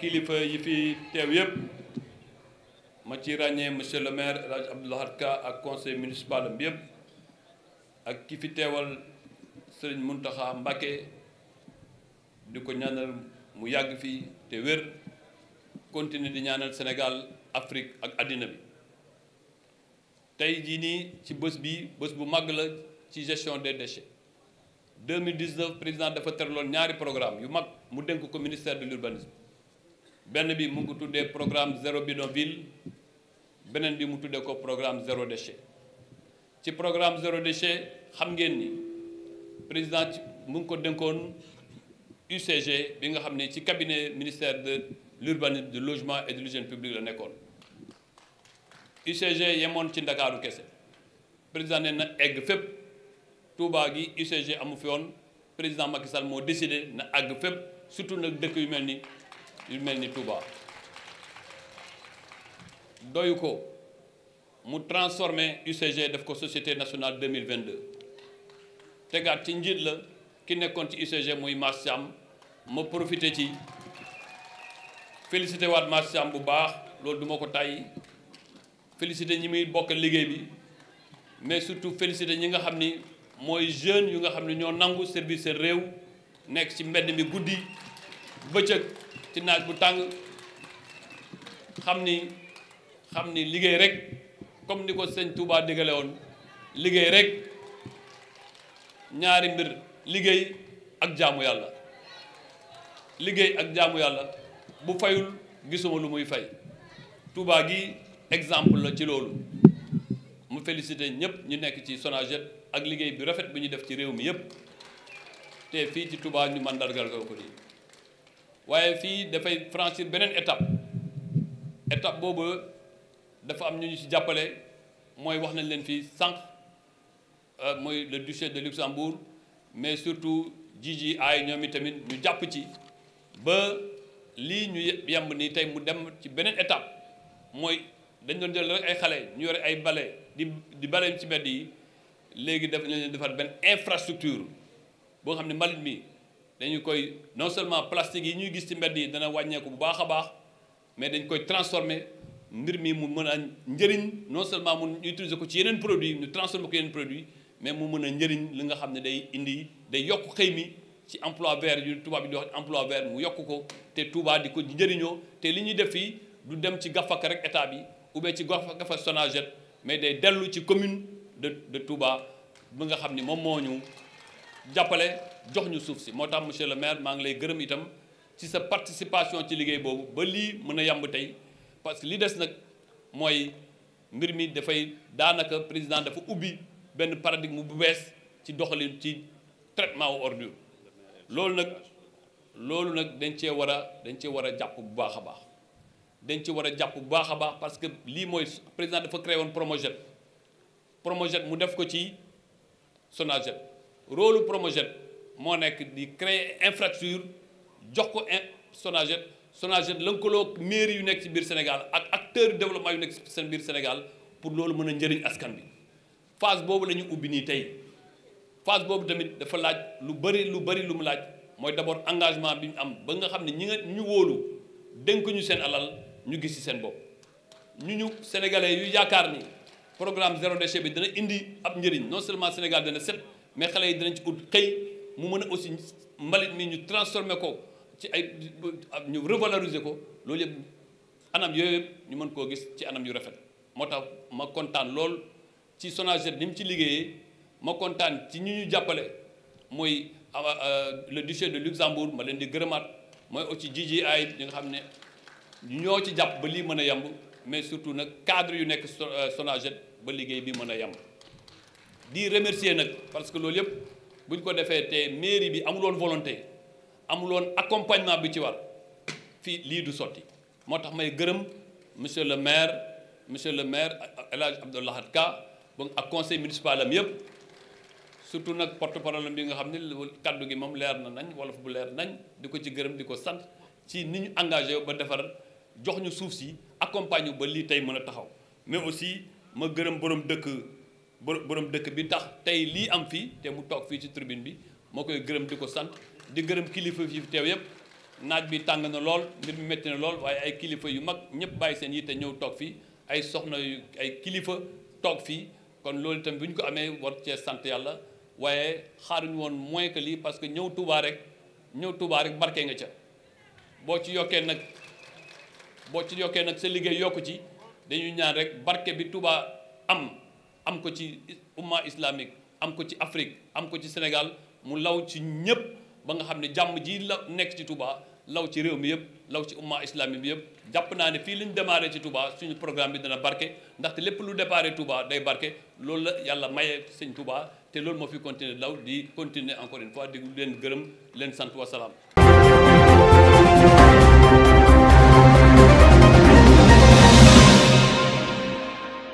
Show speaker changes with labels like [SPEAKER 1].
[SPEAKER 1] kilifa yi fi teew yépp ma ci ràññee monsieur le maire El Hadj Abdou Lahad ak conseil municipal am yépp ak ki fi teewal Serigne Mountakha Mbacké di ko ñaanal mu yàgg fii te wér continuer di ñaanal Sénégal Afrique ak àddina bi tey jii nii ci bés bi bés bu mag la ci gestion des déchets 2019 président dafa terloon ñaari programme yu mag mu denk ko ministère de l'urbanisme benn bi mu ngi tuddee programme zéro bidonville beneen bi mu tuddee ko programme zéro déchet ci programme zéro déchet xam ngeen ni président mu ngi ko dénkoon UCG bi nga xam ne ci cabinet ministère de l'urbanisme du logement et de l'hygiène la nekkoon UCG yemoon ci ndakaaru kese président ne na egg fépp Touba gi UCG amu fi woon président Macky Sall moo décidé na àgg fépp surtout nag dëkk yu mel ni yu mel ni Touba doyu ko mu transformé UCG def ko société nationale 2022 tegaat ci njiit la ki nekkoon ci UCG muy Mass Thiam ma profité ci félicité waat Mass Thiam bu baax loolu duma ko tàyyi félicité ñi muy bokk liggéey bi mais surtout félicité ñi nga xam ni mooy jeunes yu nga xam ne ñoo nangu service seen réew nekk ci mbedd mi guddi bëccëg ci naaj bu tàng xam ni xam ni liggéey rek comme ni ko sëñ Touba digale woon liggéey rek ñaari mbir liggéey ak jaamu yàlla liggéey ak jaamu yàlla bu fayul gisuma lu muy fay tubaa gi exemple la ci loolu mu félicité ñëpp ñu nekk ci Sonaged ak liggéey bi rafet bi ñu def ci réew mi yëpp te fii ci tubaa ñu mandargal ko ko waaye fii dafay franchir beneen étape étape boobu dafa am ñu ñu ci jàppale mooy wax nañ leen fii sànq euh, mooy le duché de Luxembourg mais surtout jiji ay ñoom i tamit ñu jàpp ci ba lii ñu yamb nii tey mu dem ci beneen étape mooy dañ doon jël rek ay xale ñu yore ay bale di di bale ci mbedd yi léegi daf leen defar benn infrastructure boo xam ne mbalit mi dañu koy non seulement plastique yi ñuy gis ci mbedd yi dana wàññeeku bu baax a baax mais dañ koy transformer mbir mi mu mën a njëriñ non seulement mu utiliser ko ci yeneen produit ñu transformer ko yeneen produit mais mu mën a njëriñ li nga xam ne day indi day yokk xëy mi ci emploi vert yu tubaab yi di wax emploi vert mu yokk ko te Touba di ko njëriñoo te li ñuy def fii du dem ci gafaka rek état bi ou ci gafa Sonaged mais day dellu ci commune de de Touba bi nga xam ni moom moo ñu jàppale jox ñu suuf si moo tax monsieur le maire maa ngi lay gërëm itam ci sa participation ci liggéey boobu ba lii mën a yàmb tey parce que li des nag mooy mbir mi dafay daanaka président dafa ubbi benn paradigme bu bees ci doxalin ci traitement wu ordure loolu nag loolu nag dañ cee war a dañ cee war a jàpp bu baax a baax dañ ci war a jàpp bu baax a baax parce que lii mooy président dafa créé woon Promojet Promojet mu def ko ci Sonaget rôle Promojet moo nekk di créer infrastructure jox ko Sonaged Sonaged lënkaloo mairie yu nekk ci biir Sénégal ak acteurs yu développement yu nekk ci seen biir Sénégal pour loolu mën a njëriñ askan bi phase boobu la ñu ubbi nii tey phase boobu tamit dafa laaj lu bëri lu bëri lu mu laaj mooy d'abord engagement bi ñu am ba nga xam ne ñi nga ñu wóolu dënk ñu seen alal ñu gis ci seen bopp ñu ñu sénégalais yu yaakaar ni programme zéro déchet bi dana indi ab njëriñ non seulement Sénégal dana set mais xale yi danañ ci ut xëy mu mën a aussi mbalit mi ñu transformer ko ci ay ñu revaloriser ko loolu yëpp anam yooyu yëpp ñu mën koo gis ci anam yu rafet moo tax ma kontaan lool ci SONAGED ni mu ci liggéeyee ma kontaan ci ñu ñu jàppale mooy ah, ah, euh, le duché de Luxembourg ma leen di gërëmaat mooy aussi GGI ñi nga xam ne ñoo ci jàpp ba lii mën a yemb mais surtout nag cadre yu nekk SONAGED ba liggéey bi mën a yemb di remercier nag parce que loolu yëpp. bu ñu ko defee te mairie bi amuloon volonté amuloon accompagnement bi ci war fii lii du sotti moo tax may gërëm monsieur le maire monsieur le maire El Hadj Abdou Lahad Ka ba ak conseil municipal am yëpp surtout nag porte parole bi nga xam ne kàddu gi moom leer na nañ wolof bu leer nañ di ko ci gërëm di ko sant ci ni ñu engagé ba defar jox ñu suuf si accompagne ba lii tey mën a taxaw mais aussi ma gërëm borom dëkk. bo borom dëkk bi tax tey lii am fii te mu toog fii ci tribune bi moo koy gërëm di ko sant di gërëm kilifa yi fi teew yëpp naaj bi tàng na lool mbir mi métti na lool waaye ay kilifa yu mag ñëpp bàyyi seen te ñëw toog fii ay soxna yu ay kilifa toog fii kon loolu itam bu ñu ko amee war cee sant yàlla waaye xaaruñu woon moins que lii parce que ñëw Touba rek ñëw tubaa rek barke nga ca boo ci yokkee nag boo ci yokkee nag sa liggéey yokku ci dañuy ñaan rek barke bi Touba am am ko ci umma islamique am ko ci Afrique am ko ci Sénégal mu law ci ñëpp ba nga xam ne jàmm ji la nekk ci tubaa law ci réew mi yëpp law ci umma islamique bi yëpp jàpp naa ne fii lañ démarré ci tubaa suñu programme bi dana barke ndaxte lépp lu déparé Touba day barke loolu la yàlla maye sëñ tubaa te loolu moo fi continuer law di continuer encore une fois di leen gërëm leen santu wasalaam